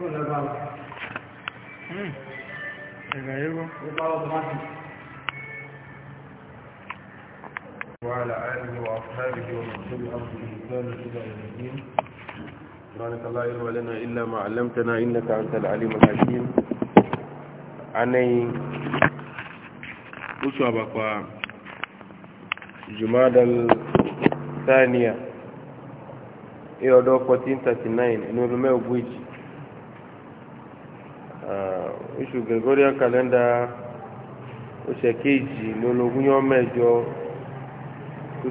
وعلى آله وأصحابه ومن تبعهم بإحسان إلى يوم الدين سبحانك لا علم لنا إلا ما علمتنا إنك أنت العليم الحكيم عني أسوى بقى جماد الثانية إيه 1439 إنه بما يبويجي oṣù gregorian calendar oṣù kejì lọ́lọ́gún yọ mẹ́jọ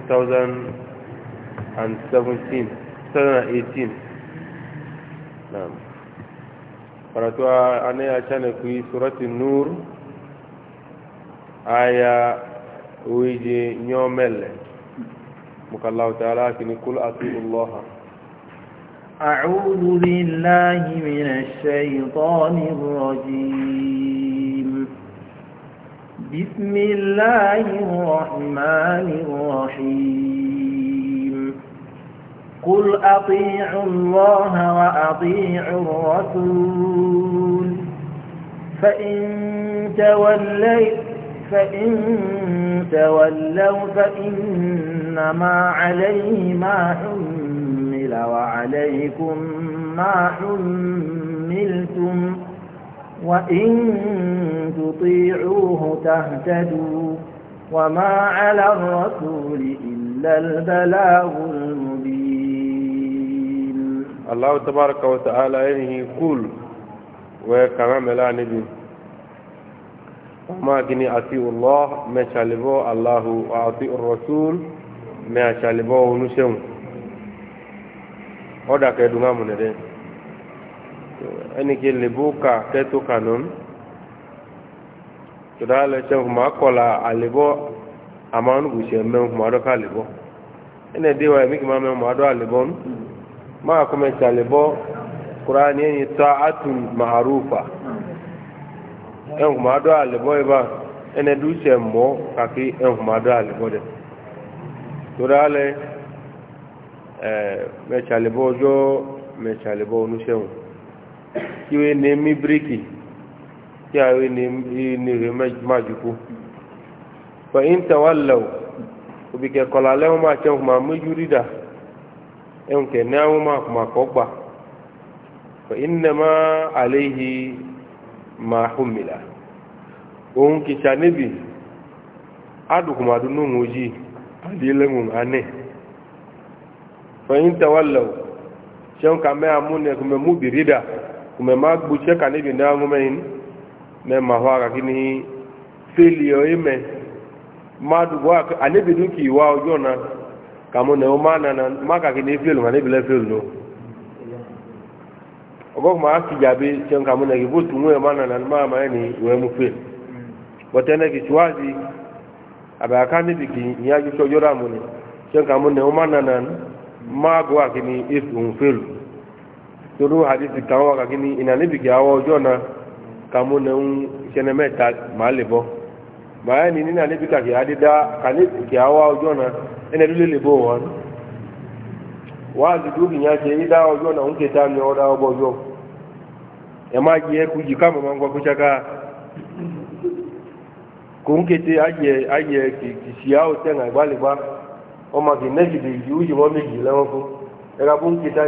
2017 2018 naam karatu anaya chane ku surati nur aya uiji nyomele mukallahu ta'ala kini kul atiullah أعوذ بالله من الشيطان الرجيم بسم الله الرحمن الرحيم قل أطيعوا الله وأطيعوا الرسول فإن توليت فإن تولوا فإنما عليه ما حمل وعليكم ما حمل حملتم وإن تطيعوه تهتدوا وما على الرسول إلا البلاغ المبين الله تبارك وتعالى ينهي كل وكما ملا نبي وما كني أطيع الله ما شالبو الله وأطيع الرسول ما شالبو ونشم ودك يدنا من ذلك ẹnìkí lèbóka kẹtó kanún tòdá lẹsẹ fúnma kọlà àlébọ àmánugùsẹ mẹun fúnma dọkà àlébọ ẹnì ẹdí wa ẹmí kìí má mẹun fúnma dọ àlébọ nù máa kọmẹsì àlébọ kura ni ẹni tá dọ yìí bá mọ kàkí dọ dẹ ẹ ọjọ iwe na-emi breki ya iwe na-ere majukwu fa intawallaw obike kọlalẹ wọn máa tẹ ọkùnmá méjú rídà ẹhùn kẹne àwọn máa kùnmá ma e gbà fa innama alayhi ma humila òun kìsà níbi adùkùnmá dúnú òun ojì àdìlẹ́wọ̀n anẹ́ fa intawallaw ṣẹ́wọ̀n kàmẹ́ amúnẹ̀kùnmẹ́ mú bìrìdà. kume ma gbuche ka nebi na ngumein me ma hwa ka kini filio ime ma duwa anebi duki wa ojona kamo ne o mana na ma ka kini filu ma nebi le filu no ogo ma ki jabe chen kamo ne gibu tunwe mana na ma ma ni we mu fil botene ki chwazi aba ka nebi ki nya ju so jora mu ni chen kamo ne o mana na ma gwa kini ifu filu toru hadisi kan wa kagini ina ni bigi awo ojo na kamu na un sene meta ma le bo ma ni ni na ni bika ki adida kani ki awo ojo na ene dule le bo wa wa du du ginya se ni da ojo na un ke ta ni oda obo ojo e ma ji e ku ji kama ma ngwa ku chaka ko un ke te aye aye ki ki si awo te na gba le gba o ma ki ne ki de ju ji mo meji le era bun ki ta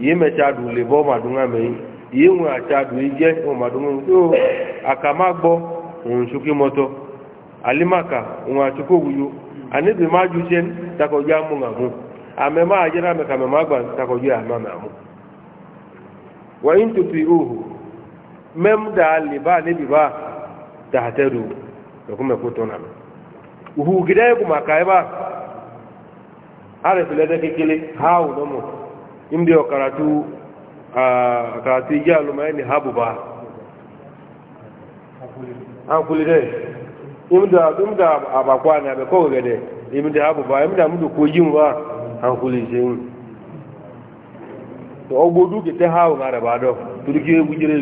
yìí mẹ́ta dùn lè bọ́ màdùn àmẹ́ yìí yìí ń àta dùn yìí jẹ́ ohun màdùn àmẹ́ yìí tó àkàmá gbọ́ ohun sókè mọ́tọ́ alimaka ohun àtukọ̀ wuyo àníbi má ju sẹ́ni takọ̀jú àmú àmú àmẹ́ má àjẹ́ náà mẹ́ka mẹ́ má gbà takọ̀jú àmá mẹ́ àmú. wọ́n yín tutù ìhòhò mẹ́mdà lè bá níbi bá tàhátẹ́ dùn lọ́kùnmẹ́kú tó nàmẹ́ òhù gidẹ́ kùmà káyẹ́ bá àrẹ̀fẹ̀lẹ́dẹ́ kékeré háwù lọ́mọ́. ndị ọkaratu àkàràtú ijé alùmọ́ẹ́ni ha bùbá akwụlide imda abakwa na abekọ ogede imda ha bùbá imda mdu kò yí nwa akwụlide ń ọgbọdú kìtẹ́ ha ò ŋarẹ̀ bàdọ̀ torí kí egwu jẹrẹ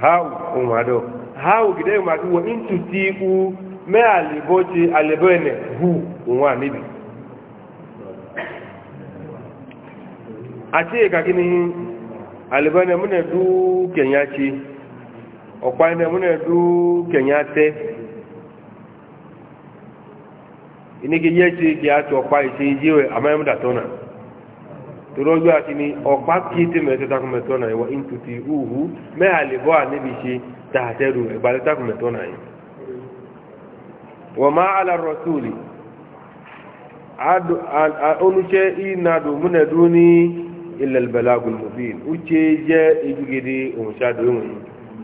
ha ò ha ò gidẹ́ ìmọ̀ àti wọ́n ń tutù ikú mẹ́ àlèbọ́ ti àlèbọ́ ace ka gini alibane mune du kenya ci ọkwanye mune du kenya te inigi ye ci ki a ci ọkpa ise ijiwe amaghị m datona toro ojú àti ni ọ̀pá kí tí mẹ́tẹ́ takùnmẹ́tọ́ náà ìwọ̀ ìntùtì uhu mẹ́hàlìbọ́ àníbi ṣe tààtẹ́rù ìgbàlẹ́ takùnmẹ́tọ́ náà yìí wọ́n máa alárọ̀túlì olùṣẹ́ إلا البلاغ المبين وتجا يجري ومشاهدون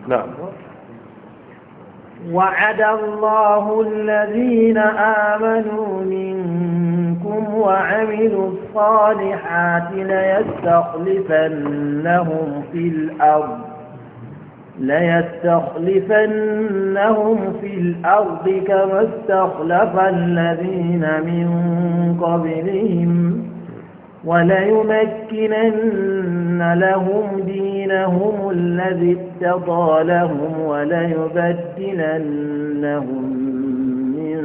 نعم وعد الله الذين آمنوا منكم وعملوا الصالحات ليستخلفنهم في الأرض ليستخلفنهم في الأرض كما استخلف الذين من قبلهم وليمكنن لهم دينهم الذي اتضى لهم وليبدلنهم من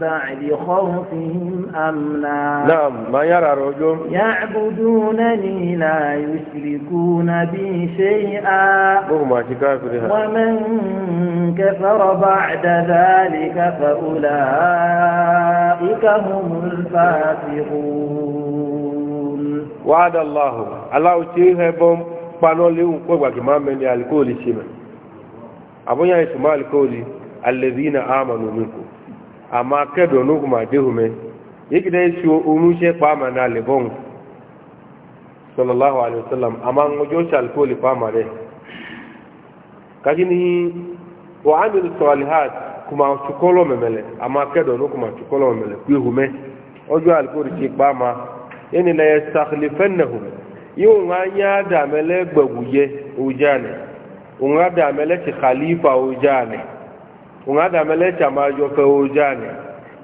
بعد خوفهم أمنا نعم ما يرى الرجل يعبدونني لا يشركون بي شيئا ومن كفر بعد ذلك فأولئك هم الفاسقون wàhádà aláhù aláhù tí ó hẹ bọ́ paná léwu pé máa mẹ́ni alikóòlì ṣe mẹ́ àbúyá ìṣùmọ́ alikóòlì alẹ́bíínà àmàlù nìkú àmà kẹ́dọ̀ nókùn màdéhù mẹ́ yíkìdá ìṣù oorunṣẹ́ sallallahu alaihi wasallam ṣe pàmà rẹ̀ àmà yani la yastakhlifannahum yóò ŋa nyá dàmẹ́lẹ́ gbẹ̀wùyẹ ojàne ŋa dàmẹ́lẹ́ ti khalifa ojàne ŋa dàmẹ́lẹ́ ti àmàjọfẹ́ ojàne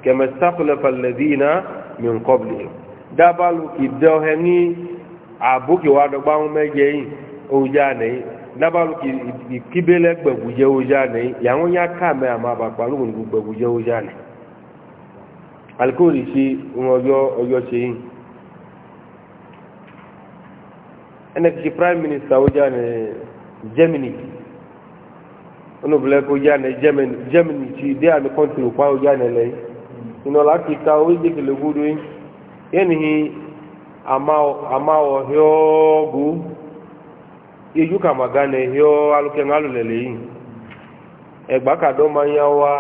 kẹmẹ stakhlafa alladhina min qablihim dábàlù kì dẹ́wọ́ ní àbókè wa dọ́gba wọn mẹ́jẹ yìí ojàne yìí dábàlù kì kíbélẹ́ gbẹ̀wùyẹ ojàne yìí yàwọn nyá kàmẹ́ àmàbàpà lóhùn gbẹ̀wùyẹ ojàne alikóòlì ṣe ń ọjọ́ ọjọ́ ṣe yìí. ẹnẹ́kìtì prime minister ó já ní germany onubulẹ kó já ní germany germany ti dé àmì country pa ó já ní lẹ́yìn ìnọ̀lá kìka ó yé kele gbódò yín yẹn nìyí àmàwọ̀ híọ́gù ijú kàmàgá ní híọ́ alùkẹ́ ńlá lulẹ̀ lẹ́yìn ẹgbà kàdọ́ máa ń yá wá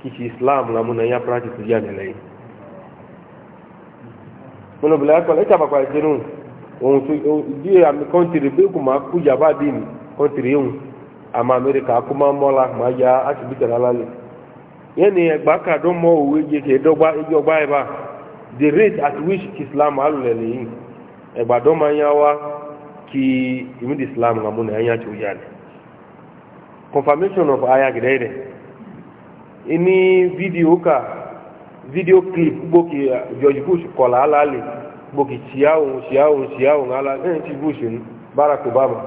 kìsì islam làmúnà yá practice já ní lẹ́yìn onubulẹ akọ̀lẹ́ ìtàpàpà ìdínú. onu si o ude amị kọntiri ma akụ yaba bụ ịnị kọntiri ewu ama mere ka akụ ma mụ ọla ma ya na ịgba ka dị ụmụ owu ije nke ịdọgba ịdị ọgba ya ebe a. The race and which ki Islam alụrụ yi ịgba dị ụmụ ki imidi Islam na mụ na ya ya nyocha ụdị Confirmation of Agree: E nị vidiyo ka vidiyo clip ugbo kee Vioj kọla ala gbogi tiawun tiawun tiawun ala ẹn ti bush ni barack obama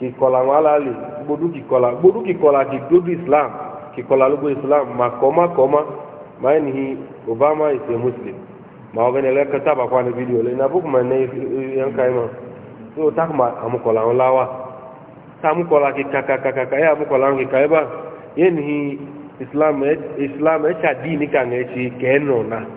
kìkọlà wọn ala lè gbódú kìkọlà gbódú kìkọlà ti dódú islam kìkọlà ló gbó islam màkọ́má kọ́má máa ń ní obama is a muslim màá ọ̀gá ni ẹlẹ́kẹ́ sábà kó àná fídíò lẹ́yìn abúkù máa ní ẹn ká ẹ mọ̀ ní o táàkùmá àmukọ̀là wọn láwà táàmukọ̀là kìkàkàkàkà ẹ̀ àmukọ̀là wọn kìkà ẹ̀ bá yẹn islam ẹ̀ islam ẹ̀ ṣàdí nìkan ẹ̀ ṣe kẹ́ẹ̀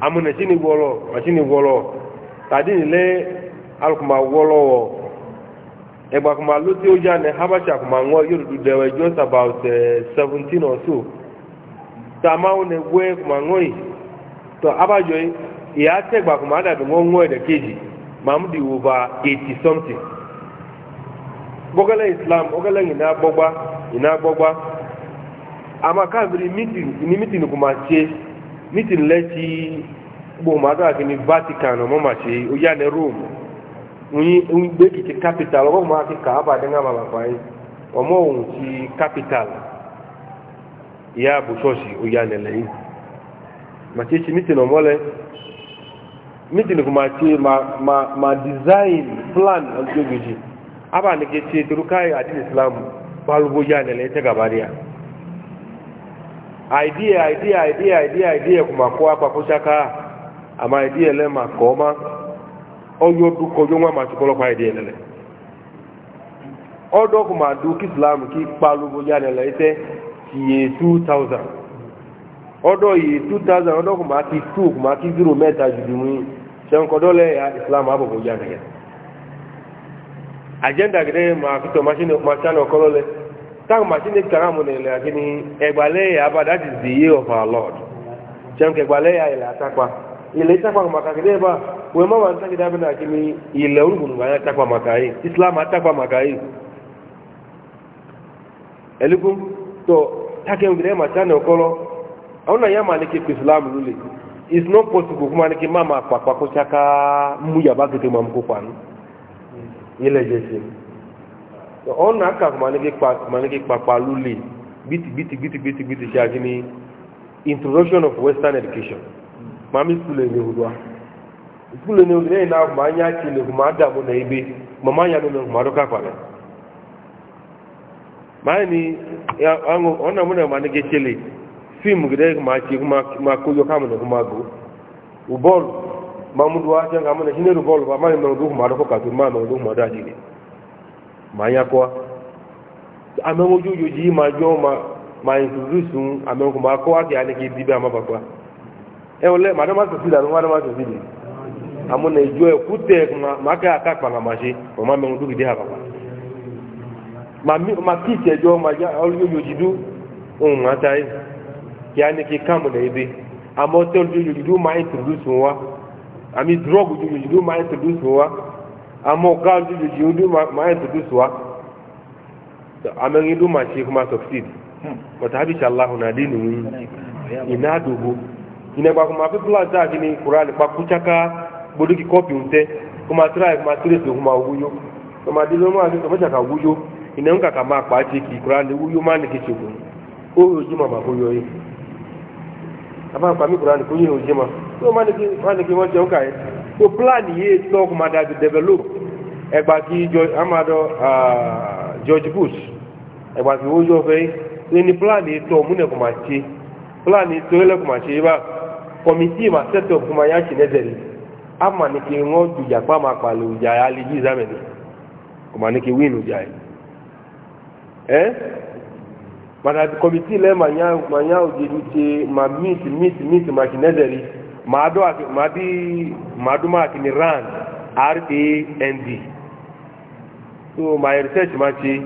amúnà sini ni wọlọ ọtí ni wọlọ tàdí nílẹ alùpùpù wọlọ wọ ẹgbà kùmà ló tí habasha kuma ń wọ yóò just about 17 eh, or so tá a máa ń nà wẹ kùmà ń wọ yìí tó abájọ yìí ìyá tẹgbà kùmà dàbí wọn ń wọ ẹdẹ over 80 something gbọgẹlẹ islam nítìlẹ́tì gbòmàdà kìíní vatican ọmọ màṣẹ oyáni rome ń gbé kìkì capital ọmọ máa kí kàábà dẹ́ngà máa bàbá yìí ọmọ òun ti capital ìyá àbò ṣọ́ọ̀ṣì oyáni lẹ́yìn màṣẹ ṣe mítìlì ọmọlẹ mítìlì kò máa ṣe ma design plan ọjọ́ gbèjì abánikẹ́ ṣe torúkáyà àdínìsílámù bá lóbó yá nílẹ̀ tẹ́gàbáríà idea idea idea idea idea kumakoa hapa kushaka ama idea le makoma oyo du ko yo ma chukolo kwa idea le odo kuma du islam ki palu bo ya le ite ye 2000 odo ye 2000 odo kuma ki 2 kuma ki 0 meta judumu sen ko dole ya islam abo bo ya agenda gre ma kito machine machano kolole táwọn màṣínì kàrà mọ̀ àti ní ẹgbàlẹ́yà abá that is the year of our lord jẹun kẹgbàlẹ́yà ilẹ̀ àtàkpà ilẹ̀ ìtàkpà màkà kìdẹ́ bá wọ́n máa ń sákìdá bí nàkí ní ilẹ̀ olùgbòǹgbà yẹn màkà yìí islam àtàkpà màkà yìí ẹlẹ́kùn tó tákẹ́wọ̀n kìdẹ́ màṣá ní àwọn náà yà máa ní kí islam lulẹ̀ it's not possible fún wa ní kí máa pàpà kó ṣáká mú kékeré máa ọ̀nà aka manike kpakpa lule gbiti gbiti gbiti gbiti gbiti ṣe agini introduction of western education mami skule ni hudua skule ni hudua na kuma anya ci le kuma adamu na ibe mama anya nuna kuma adoka kpana maa ni ọ̀nà muna manike chele fim gida kuma ci kuma koyo kama na kuma go ubol mamudu wa jan kama na shi ne rubol ba ma ya kwa amengo juju ji ma jo ma ma introduce amengo ma kwa ke ani ki dibe ama bakwa e ole madama so sida no madama so sida amuna ijo e ekute ma ma ka aka kpa na maji o ma mengo du di ha papa ma mi ma ki ke dzo ma ja ol juju ji du o ma ye ke ani ke kamu na ibi amo te juju ji du ma introduce wa ami drug juju ji du ma introduce wa amo káàdì jòjì ojú máa ń tuntun sùwà amẹ́rin ló máa ṣe kó máa succeed bàtà àbí ṣàláhùn náà dé nìyí iná àdògbò iná ìgbà kó fi plan tá a ti ní kura nípa kúchaka gbódúkì kọ́ọ̀pì ń tẹ́ kó máa tíráì kó máa tírèsì kó máa wúyó kó máa dé lọ́mọ́ àti ọmọ ìṣàkà wúyó iná ń kàkà máa pa á ṣe kì í kura ní wúyó máa ní kéṣe kù ó yóò jí màmá kó yọ yìí àbá àpamí kura ní kó yóò jí màmá tó máa ní kí wọ́n ṣe ń kà yẹn so plan yìí tó kuma da bi develop ẹgbà kí amado george bush ẹgbà kí wọ́n yọ fẹ́ ṣe ni plan yìí tó múnẹ̀ kuma ṣe plan yìí tó yẹlẹ̀ kuma ṣe yìí bá kọmitì ma set up kuma yà ṣì nẹ́sẹ̀ rí ama ni kí wọ́n dùjà pa ma pàlẹ́ òjà yà lè yí ìzámẹ̀ ni kuma ni kí win òjà yìí ẹ́ màdàbí kọmitì lẹ́ẹ̀ mà nyà òjì ṣe ma meet meet meet ma ṣì nẹ́sẹ̀ rí maaduma akini rand rand so ma research ma ṣe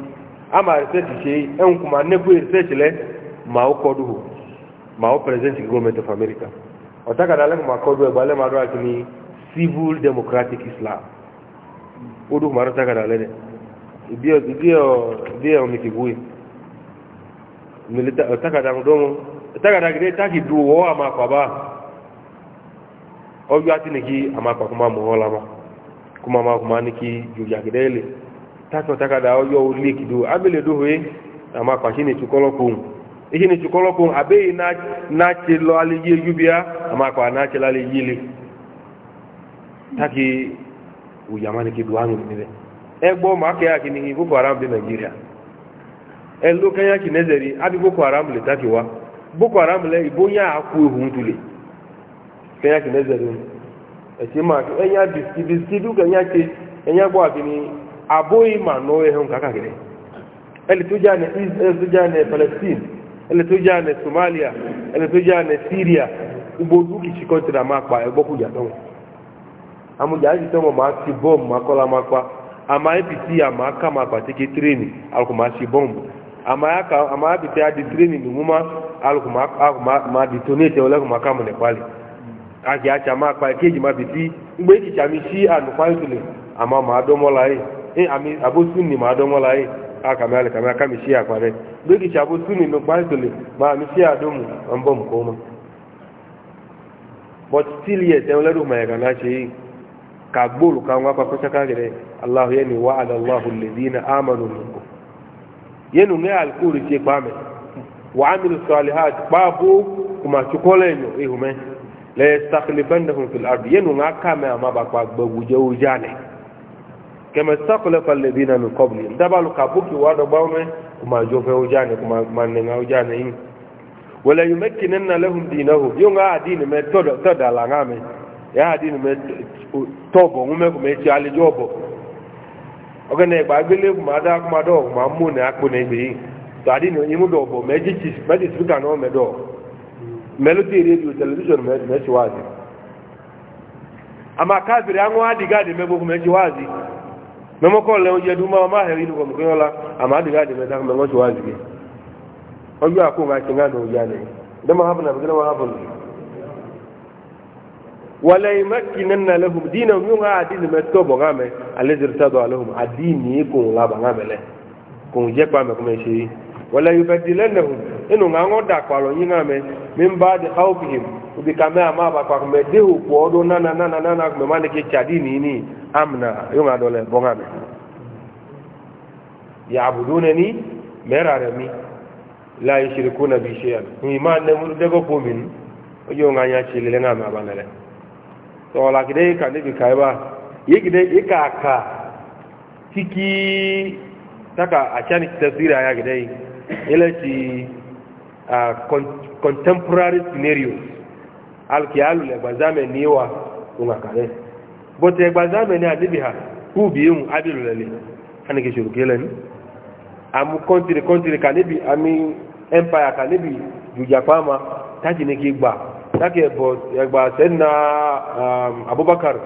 a ma research ṣe ẹn kuma nekwe research lẹ ma o kọdu ma o president government of america ọ̀tàkàdà lẹ́kùn ma kọdu ẹgbà e, lẹ́ maaduma akini civil democratic islam o dùn maaduma ọ̀tàkàdà lẹ́nẹ̀ ìdí ẹ̀ omi kìbúwe ọ̀tàkàdà gidẹ táàkì dùn wọ́ àmà pàbá ọjọ́ àti nìkí àmàpà kó máa mọ̀ ọ́ lámà kó máa máa kó máa ní kí jòjà gẹ́gẹ́ lè tákàn takada ọjọ́ orí kìdó ni tukọ́lọ́kùn abẹ́yẹ náà ti lọ alẹ́yẹ yúbíà àmàpà náà ti lọ alẹ́yẹ lè tákì òyàmá ní kí dùn áhùn nílẹ̀ ẹgbọ́ máa kẹ́ àkí ní boko haram dé nàìjíríà ẹ ló kẹ́yà kì nẹ́zẹ̀rí ábí boko haram lè tákì wá haram lẹ́ ìbóyà àkú ehun tulè kẹ́yà kì lẹ́zẹ̀rẹ̀ ẹ̀tí máa kí ẹ̀yà bìsìdú kẹ́yà kí ẹ̀yà gbọ́ àbíní àbóyí mà nọ ẹ̀hún kàkàkiri ẹ̀lì tó já ní israel tó já ní palestine ẹ̀lì tó já ní somalia ẹ̀lì tó já ní syria gbogbo dúkì sí kọ́ńtìrà máa pa ẹ̀gbọ́ kú yàtọ̀ wọn. amújà àti tọ́mọ̀ máa ti bọ́ọ̀mù máa kọ́lá máa pa àmà apc àmà ká máa pàtẹ́kì tírẹ́nì alùpùpù máa ṣe bọ́ọ̀mù àmà apc àti tírẹ́nì nìmú máa alùpùpù máa dìtọ́nẹ́tẹ̀ ọlẹ́kùn máa ká mọ̀ nípa lẹ̀. aki acha ma akpa eji mabiti mgbe echicha m isi anụkwaituli ama ma adọmọlaị e, e ma adọmọlaị e. aka mali kama aka misi akpare mgbe echicha ma misi adọmụ ma m but still yet enweleru ma ka e. gbolu ka nwa kwakwa chaka gire la yastakhlifannahum fil ardi yenu nga kama ma ba kwa gbagu jawu jane kama stakhlafa alladhina min qabli dabalu kabuki wado bawme kuma jofe ujane kuma nga yin wala yumakkinanna lahum dinahum yunga adini me todo todo la ngame ya adini me tobo ngume kuma echi ali jobo ogene gbagbele kuma da kuma do kuma mu akune bi to imu do me meji chi meji suka no me do melodi radio television mɛsi waazi ama kafiri aŋɔ adigaadi mɛ boko mɛsi waazi mɛmɔkɔ lɛ o yɛdu ma ma hɛri nukɔ mukɛyɔ la ama adigaadi mɛ saka mɛŋɔsi waazi ke ɔyɔ ako na dama hafi na wala yi maki nan na adi ni mɛ tɔ bɔ ŋa mɛ adi ni kun laba ŋa mɛ lɛ kun jɛ kpa mɛ enu nga ŋo da kpalo yi ŋa me min ba de haw fihim ubi ka me ama ba kpako me de o kpɔ do nana n'a nana me ma ne ke tsa di ni ni amna yo nga dɔ le bɔ ŋa me yabudu ne ni mɛra re mi la isiriku na bi se yan mi ma ne mu de ko min yo ŋa nya tsi le ŋa me aba ne le tɔɔla kide ka ne bi ka ba yi kide yi ka ka kiki taka a cani tasiri a ya kide yi ilẹ̀ ti Uh, contemporary scenarios Alki alu le gbazame ni wa unga kare but e gbazame ni adibi ha ku bi un adilu le ani ke shuru kele ni amu country country ka nibi ami empire ka nibi juja pama taji ni ki gba take but e gba senna um, abubakar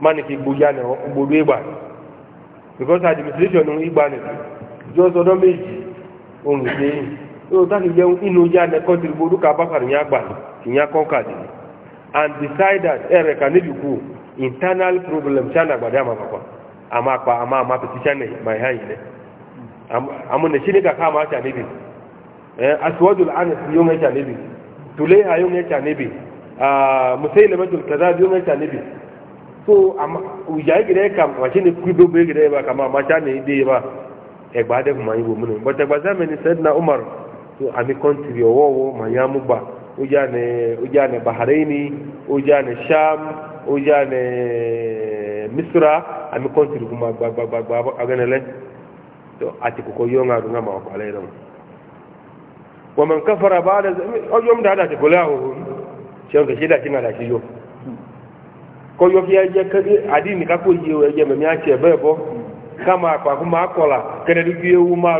mani ki buja ne gbodu igba because administration igba ni just odo meji ohun se yóò dákì jẹun inú ya nẹ́kọ́ ti gbogbo dúkà bákàrí ní àgbà ìyá kọ́kàdì and decide that ẹ̀rẹ̀ eh, kà níbi kú internal problem china àgbàdá àmà pàpà àmà àpà àmà àmà pẹ̀tí china my hand ilẹ̀ àmúnẹ̀ sí ní kàkà àmà àṣà níbi aṣíwájú anas yóò ń ẹ̀ṣà níbi tùlẹ́hà yóò ń ẹ̀ṣà níbi musayi lẹ́mẹ́tò kẹta yóò ń ẹ̀ṣà níbi so ìyá ìgẹ̀rẹ́ kà màṣí ni kú gbogbo ìgẹ̀rẹ́ bá kà máa àmà china ìdí bá ẹgbàá dẹ́kùn máa ń wò múnú bọ̀tẹ̀gbàsá mẹ́ni sẹ́dínà umar so ami kɔntiri ɔwɔwɔ mayamu gba oja ne oja ne bahraini oja ne sham oja ne eh, misra ami kɔntiri kuma gbagbagba aganɛlɛ so ati koko yɔŋa do ŋa ma ɔkɔ alɛ yɛlɛ mo wɔmɛn kafara baada ɔyɔ mu daada ti kɔlɛ awo tiɲɛ kɛ sida ti ŋa da ti yɔ kɔyɔ kí ɛdze kɛdi adi ni kakɔ yi o ɛdze mɛ mi atsɛ bɛɛ bɔ kama akpa kó ma akɔla kɛnɛdi kú ewu ma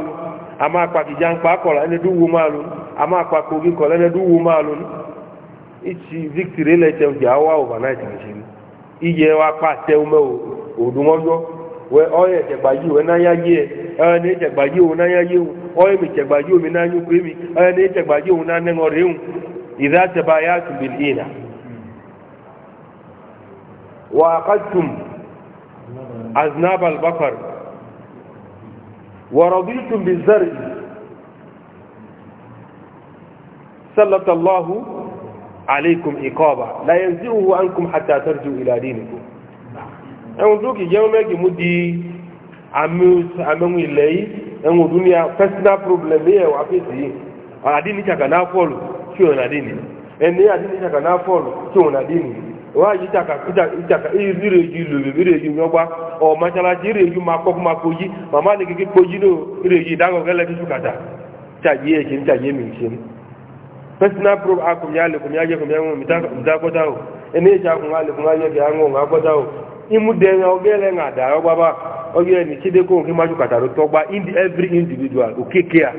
ama akpaki jankpa kɔla ɛnɛ du wu maalu ama akpaki ogi kɔla ɛnɛ du wu maalu itsi victory lɛ tɛ dza awa overnight machine iye wa kpa tɛw mɛ o oduŋɔjɔ wɛ ɔyɛ dzɛgbaji wɛ n'aya yɛ ɛyɛ ne dzɛgbaji wo n'aya yɛ wo ɔyɛ mi dzɛgbaji wo mi n'anyu kure mi ɛyɛ ne dzɛgbaji wo n'anɛŋɔ re ŋu ìdá tɛba ya tu bi ina wa akatum aznabal ورضيتم بالزرع سلط الله عليكم إقابة لا ينزعه عنكم حتى ترجعوا إلى دينكم ẹ̀wọ̀n ìjẹun mẹ́gì mú di àmẹ́wọ̀n ilẹ̀ yìí ẹ̀wọ̀n dúnìyà personal problem yẹ̀ wà fèsì yìí fọ́ọ̀lù tí òun ẹni fọ́ọ̀lù tí òun wáyé ìtàkà ìrèjì lòlò nye ọgba. ọ mọ́ṣáláṣí ọ máa kọ́ máa kojí màmá ní kékeré kojí ní ìrèjì ìdáhùn gẹ́lẹ́ ní sùkàtà tàyé ẹ̀ṣẹ̀ ya tàyé mi ṣe ní. personal probe akùnrin alẹ́kùnrin ayẹ́kùnrin ẹ̀wọ̀n mìtàkọ́tà o ẹni ìṣe akùnrin alẹ́kùnrin ayẹ́kùnrin ẹ̀wọ̀n mìtàkọ́tà o imudẹ̀yìn ọgẹ́lẹ̀ ń àdá ọgbà bá ọgẹ́lẹ̀ a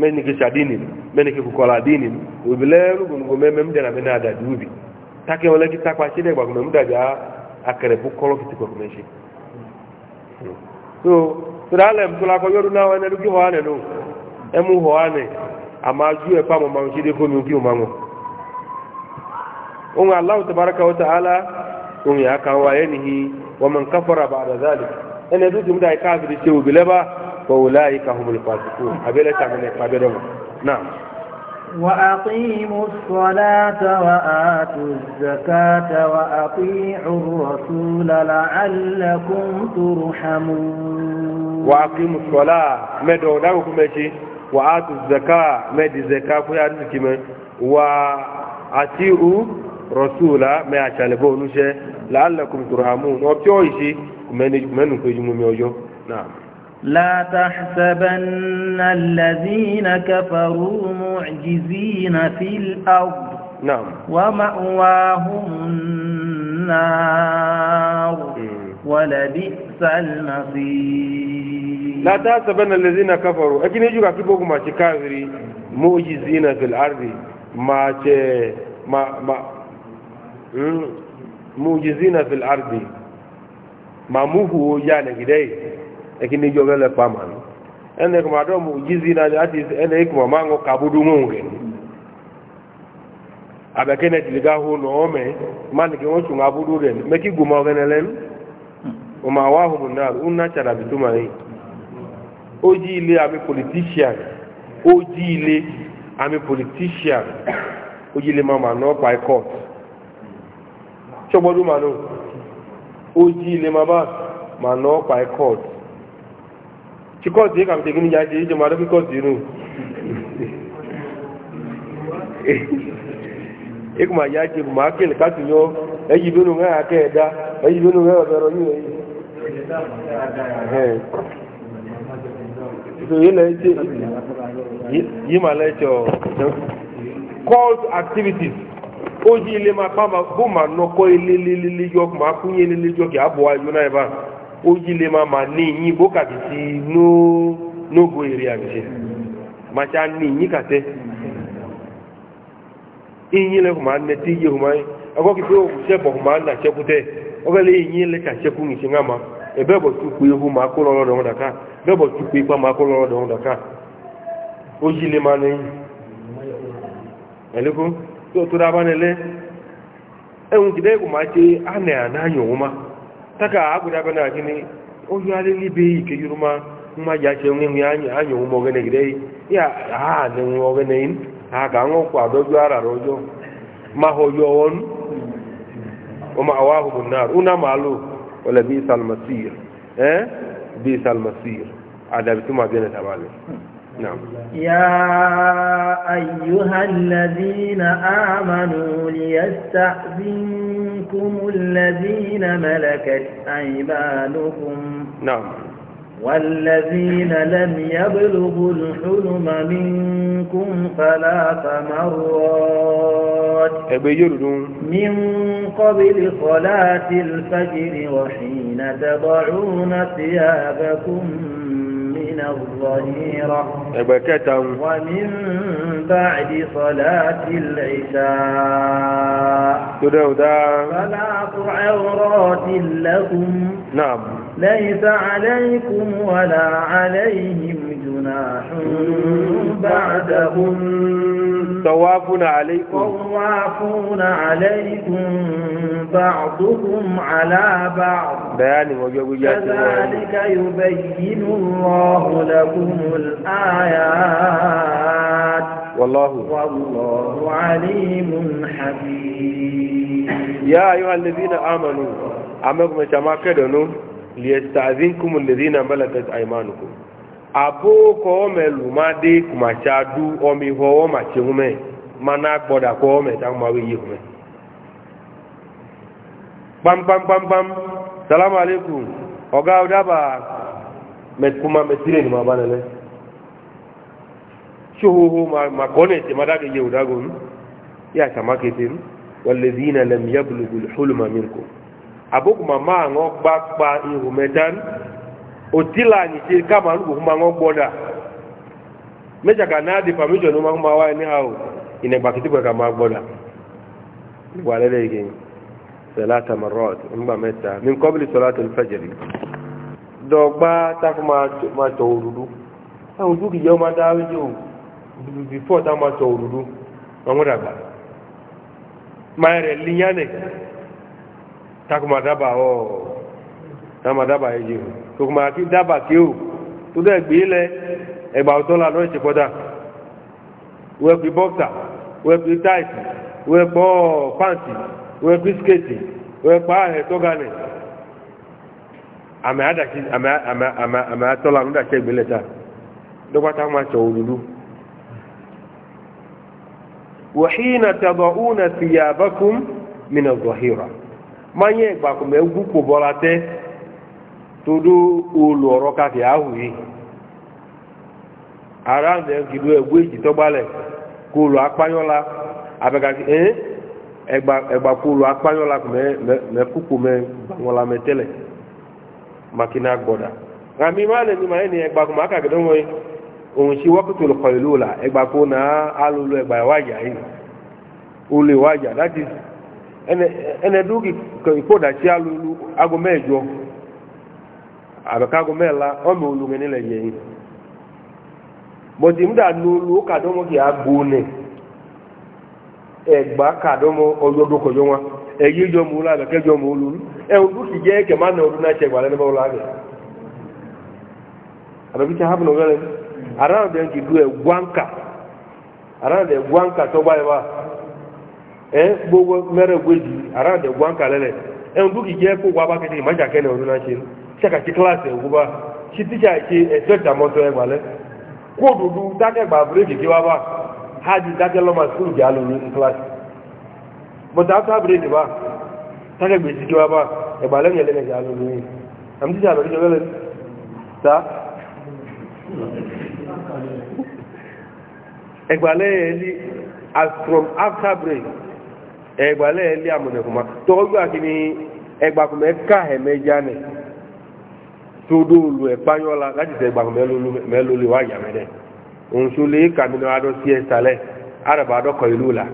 meni ki sadini meni ki kukola dini ubilelu gungo meme mde na mena da dubi take wala ki takwa shide kwa kume muda ja akere bukolo ki tiko kumeshi so tudale mtula ko yoru na wane rugi emu hoane ama e pamo ma shide ko mi uki unga allah tabaraka wa taala unga akawa yenihi wa man kafara ba'da dhalik ene dudu فأولئك هم الفاسقون أبلا تعمل قبرهم نعم وأقيموا الصلاة وآتوا الزكاة وأطيعوا الرسول لعلكم ترحمون وأقيموا الصلاة ما دونكم شيء وآتوا الزكاة ما دي زكاة فيها وأطيعوا الرسول ما عشان بونوشه لعلكم ترحمون وبتوعي شيء من من كجمو ميوجو نعم لا تحسبن الذين كفروا معجزين في الأرض نعم ومأواهم النار ولبئس المصير لا تحسبن الذين كفروا أكين يجوا كيفوك ما تكافري معجزين في الأرض ما ت... ما ما معجزين في الأرض ما موهو يعني كده lakini hiyo vile pamani ene kama do mujizi na hadi ene kama mango kabudu abe kene diliga ho no ome man ke won ren meki guma ogenelen o ma wa hu bituma ni oji ile ami politician oji ile ami politician oji ile mama no pa court chobodu manu oji ile mama ma no court ci kɔɔsi yɛ kam tegini yaa jɛyi jama alobi kɔɔsi yinu ekuma yaa jɛ kuma akele kasi yɔ eyi yi. ŋa yaa kɛ ɛda eyi binu ŋa yaa bɛrɛ yi yi so yi la yi ma la ɛtse cause activities o ile ma kpama ma nɔkɔ ilé lili ma kuma akú yé lili yɔ kì oji le ma ma ni ka kiti no no go ere ihe ma cha ni yin ka te yin le ma ne ti ye ko ma ago ki bo te ga le ka se ku ni singa ma e be bo tu ku ye ko ma ko lo lo da ipa ma ko lo lo da ojii le ma ni eleko to to da ba ne taka aguda bana gini o yo ale libe yi ke yuruma ma ja se ngi ngi anyi anyi ụmụ gene gide ya ha ne mo gene in ha ga ngo kwa do ju ara rojo ma ho yo won o ma awahu bin nar una malu wala bi sal eh bi sal masir adabtuma gene tabale نعم. يا أيها الذين آمنوا ليستأذنكم الذين ملكت أيمانكم نعم والذين لم يبلغوا الحلم منكم ثلاث مرات من قبل صلاة الفجر وحين تضعون ثيابكم من الظهيرة ومن بعد صلاة العشاء فلا عورات لكم نعم ليس عليكم ولا عليهم جناح بعدهم طوافون عليكم طوافون عليكم بعضكم على بعض كذلك يبين الله لكم الآيات والله والله عليم حكيم يا أيها الذين آمنوا أمكم شماكدنوا ليستأذنكم الذين ملكت أيمانكم aboko ome lumade kumachadu omi howo machiume mana gboda ko ome ta ma wi yume bam bam bam bam salamu alaikum oga udaba met kuma metire ni mabana le shuhu ma ma kone ti madage ye udagun ya samaketin walladhina lam yablughu alhulma minkum abukuma ma ba pa ihumetan otila ni ti kama lu kuma ngo boda meja kana di permission ma kuma wa ni hawo ine ba kiti ka ma boda wa lele yin salata marrat mba meta min qabli salati al-fajr dogba ta kuma ma to urudu awon duki yo ma dawo jo before ta ma to urudu awon dagba ma re liyane ta kuma daba o ta ma daba yi tòkùnmà kí dábà kí o tó dẹ̀ gbé lẹ ẹgbà ọ̀tọ́ la lọ́ ìṣèpọ́dà wọ́n bọ́ksà wọ́n pe táìsì pàǹtì wọ́n pe skètì wọ́n pa ahẹ́ tọ́gànẹ̀ àmì àdàkí àmì àtọ́là ń dàkí ẹgbẹ́ lẹ́ta dọ́gbàtà máa ṣọ̀ òdùdú. wọ̀hínà tàbọ̀húnà tìyàbákùn mìnà zọ̀hírà máa yẹ ìgbàkùnmẹ́ bọ́lá tẹ́ todo olu ọ̀rọ̀ kàkì áhùyí ara ń dẹ̀ẹ́ kìdó ẹgbó èjì kó olu apáyọ́lá abẹ́gàkì ẹ́ ẹgbà kó olu apáyọ́lá mẹ́kúkú mẹ́ mẹ́tẹ́lẹ̀ makina gbọ́dà àmì máa lẹ́nu máa ní ẹgbà kó máa kàkìdó na abekago mela olu ulungene e e e le yeyi bọ̀dì múdà lólu ó kàdọ́mọ́ kì í agbóni ẹ̀gbá kàdọ́mọ́ ọjọ́dọ́kọ̀jọ́ wọn ẹ̀yí jọ mú lábẹ̀ kẹjọ mú lólu ẹ̀hùn tó sì jẹ́ kẹ̀má náà ọdún náà ṣẹgbà lẹ́nu bọ́ọ̀lù lábẹ̀ ki tí a hábùn ọ̀gá lẹ́nu aráàlú ẹ̀ kìdú ẹ̀ gbáǹkà aráàlú ẹ̀ gbáǹkà gbogbo na ṣẹ́kàtí kíláàsì ẹ̀wú bá ṣí tíṣà ṣe ẹ̀tọ́ ìtàmọ́tọ́ ẹgbà lẹ́ kóòdùdú dákẹ́gbà bírèkì kí wá bá hajj dákẹ́ lọ́mà skúlù kí á lò lórí kíláàsì bọ́tà áfà bírèkì bá dákẹ́gbè sí kí wá bá ẹgbà lẹ́yìn ẹlẹ́gẹ̀ kí á lò lórí àmì tíṣà lọ́dún ṣẹlẹ̀ ta ẹgbà lẹ́yìn ẹlí from after break ẹgbà lẹ́yìn ẹlí àmọ̀nẹ̀kùnmá tọ́jú àkíní ẹgbà kùnmẹ́ ká ẹ̀mẹ́já nìyí tó dóòlù ẹ̀páyọ́lá láti tẹ̀gbà mẹ́lòlè wá yà mẹ́rẹ̀ lé tó lè kàmínà adọ́ sí ẹ̀sàlẹ̀ arabadọ́kọ̀ ìlú là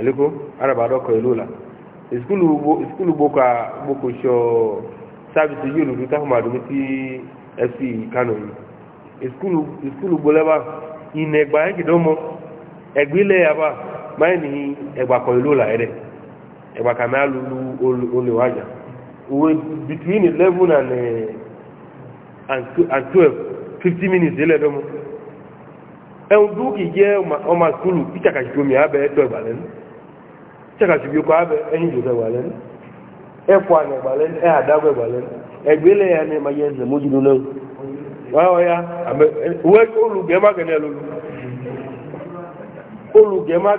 ẹ̀lẹ́kọ́ arabadọ́kọ̀ ìlú là ìskúlù gbókò ṣọ sáàbìsì yóò lùdú táfùmàdùn sí ẹ̀sì kánò yìí ìlú olè we between 11 and uh, and 12 and twelve fifty minutes ilẹ̀ bẹ́ẹ̀ mu ẹ̀hún dúkì jẹ́ ọmọ sukulu ìtàkàṣì omi abẹ́ ẹ̀tọ́ ìgbàlẹ́ ní ìtàkàṣì omi kọ́ abẹ́ ẹ̀yìn ìjọba ìgbàlẹ́ ní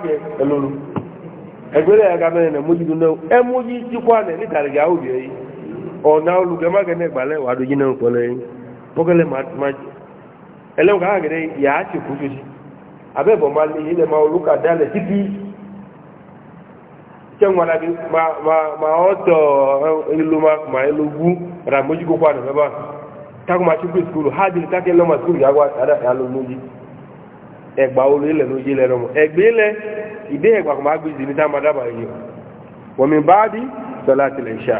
ẹ̀fọ́ àná ìgbàlẹ́ ya egbere ya gamene ne muji dune e muji ti kwane ni tari ga ubi yi o na olu ga magene gbale wa do jina ko le pokele ma ma ele ga gere ya ti kuju ji abe bo ma ni ile ma olu ka dale tipi chen wala bi ma ma ma oto ilu ma ma ilu gu ra muji ko kwane ba ta ko ma ti ku skulu hadi ta ke lo ma skulu ya wa ada ya lo muji ẹgbà olú ilẹ̀ ló jí lẹ́nu ẹgbẹ́ ilẹ̀ ìdé ẹgbà kò máa gbé ìdí ní tá yìí wọ́n mi bá dí sọlá ṣá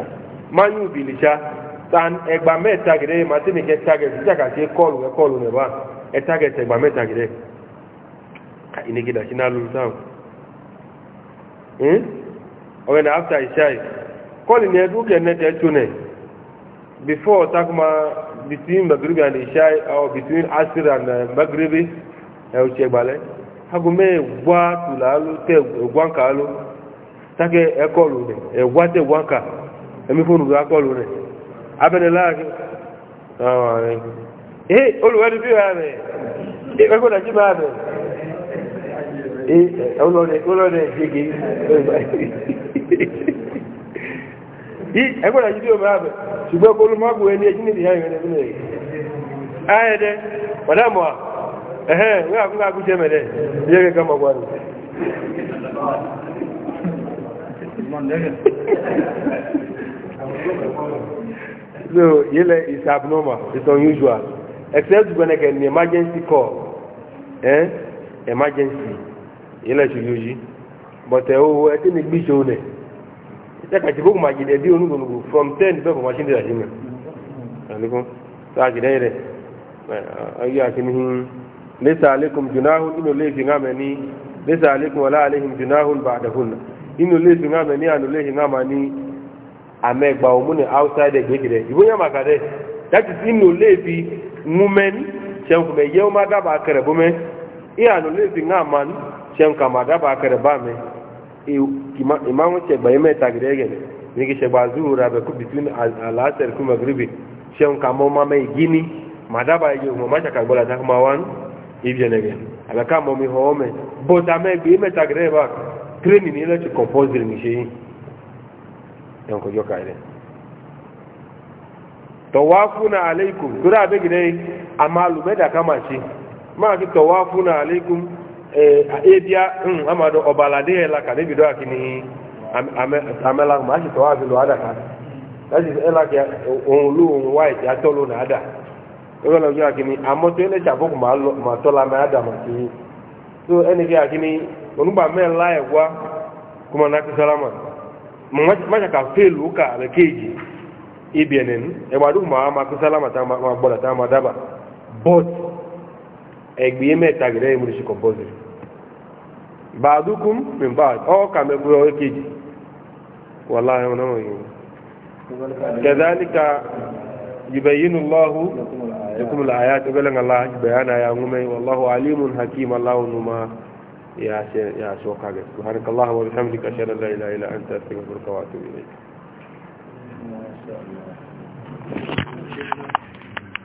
máa ń yún ṣá tan ẹgbà mẹ́ta gẹ̀dẹ́ máa tẹ́lẹ̀ kẹ́ tágẹ̀tì jákà sí kọ́ọ̀lù ẹ kọ́ọ̀lù rẹ̀ wá ẹ e tágẹ̀tì ẹgbà mẹ́ta gẹ̀dẹ́ ìnigidà sí náà lórí táwọn ọ̀rẹ́ hmm? náà after ìṣá yìí kọ́ọ̀lù ni ẹdún kẹ́ nẹ́tẹ̀ẹ́ tún nẹ̀ before takuma between magrebi and ìṣá or between asir and uh, magrebi ẹ̀ọ́tsẹ̀ gbalẹ̀ agome ẹ̀gbá tu la alo take ẹkọlu ẹ̀gbá tẹ ẹ̀gbánka ẹ̀mí fóònù tó akọlu nẹ abẹnẹlá ẹ̀ olùwẹ́ni bí wà mẹ́ ẹ̀kọ́ nàjí bá mẹ́ olùwẹ́ni ẹ̀jẹ̀gẹ̀ ẹ̀kọ́ nàjí ehe we agụghị agụ ji emere ihe ga ega magwa so yele is abnormal it's unusual except when i get an emergency call eh emergency yele should use but eh oh i think be show ne ita ka ti ma gide bi onu gonu from 10 be ko machine da jina alaikum ta gide re eh, eh, eh, ayi akinihin laysa alaykum junahun inu layfi ngame ni laysa alaykum wala alayhim junahun ba'dahunna inu layfi ngame ni anu layfi ngama ni amegba omune outside gbegire ibo yama kade that is inu layfi ngumen chen kuma yew ma daba kare bume i anu layfi ngama ni chen kama daba kare bame imamu chegba ime tagire gele ni ki chegba zuhura be ku between al-asr ku magribi chen kama mama igini madaba yew ma chaka gola takma wan ibjenege aga kamo mi home boda me bi me tagreba treni ni le compose mi shi yanko joka ile tawafuna alaikum tura be gine amalu be da kama shi ma ki tawafuna alaikum eh ebia um amado obalade la ka ne bido akini amela ma shi tawafi lo ada ka that is elaki on lu on white ya tolo na ada ìwọ́n lọ́jọ́ àkíní àmọ́ tó ẹni ṣàkókò máa ma máa dàmà sí i tó ẹni kí àkíní onígbà mẹ́la ẹ̀ wá náà kí sálámà máṣàkà fèèlù kà lè kéèjì ibi ẹ̀nẹ̀ ní ẹgbàdùn máa máa kí sálámà máa gbọ́dọ̀ tá máa dábà bọ́t mẹ́ta gẹ̀rẹ́ cikin la'aya ta galin Allah bayana ya ngume wallahu alimun hakim Allah numa ya ce ya so ka ga subhanaka Allah wa bihamdika shalla la ilaha illa anta